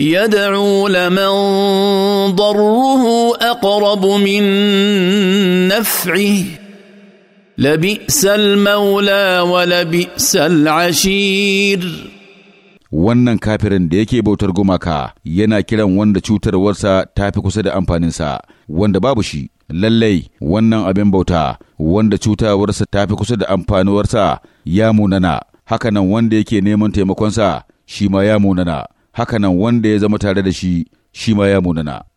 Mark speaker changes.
Speaker 1: يدعو لمن ضره اقرب من
Speaker 2: نفعه لبئس المولى ولبئس
Speaker 3: العشير wannan kafirin da yake bautar gumaka yana kiran wanda cutarwarsa ta fi kusa da amfaninsa wanda babu shi lallai wannan abin bauta wanda cutarwarsa ta fi kusa da amfanuwarsa ya munana hakanan wanda yake neman taimakonsa shi ma ya munana hakanan wanda ya zama tare da shi shi ma ya munana.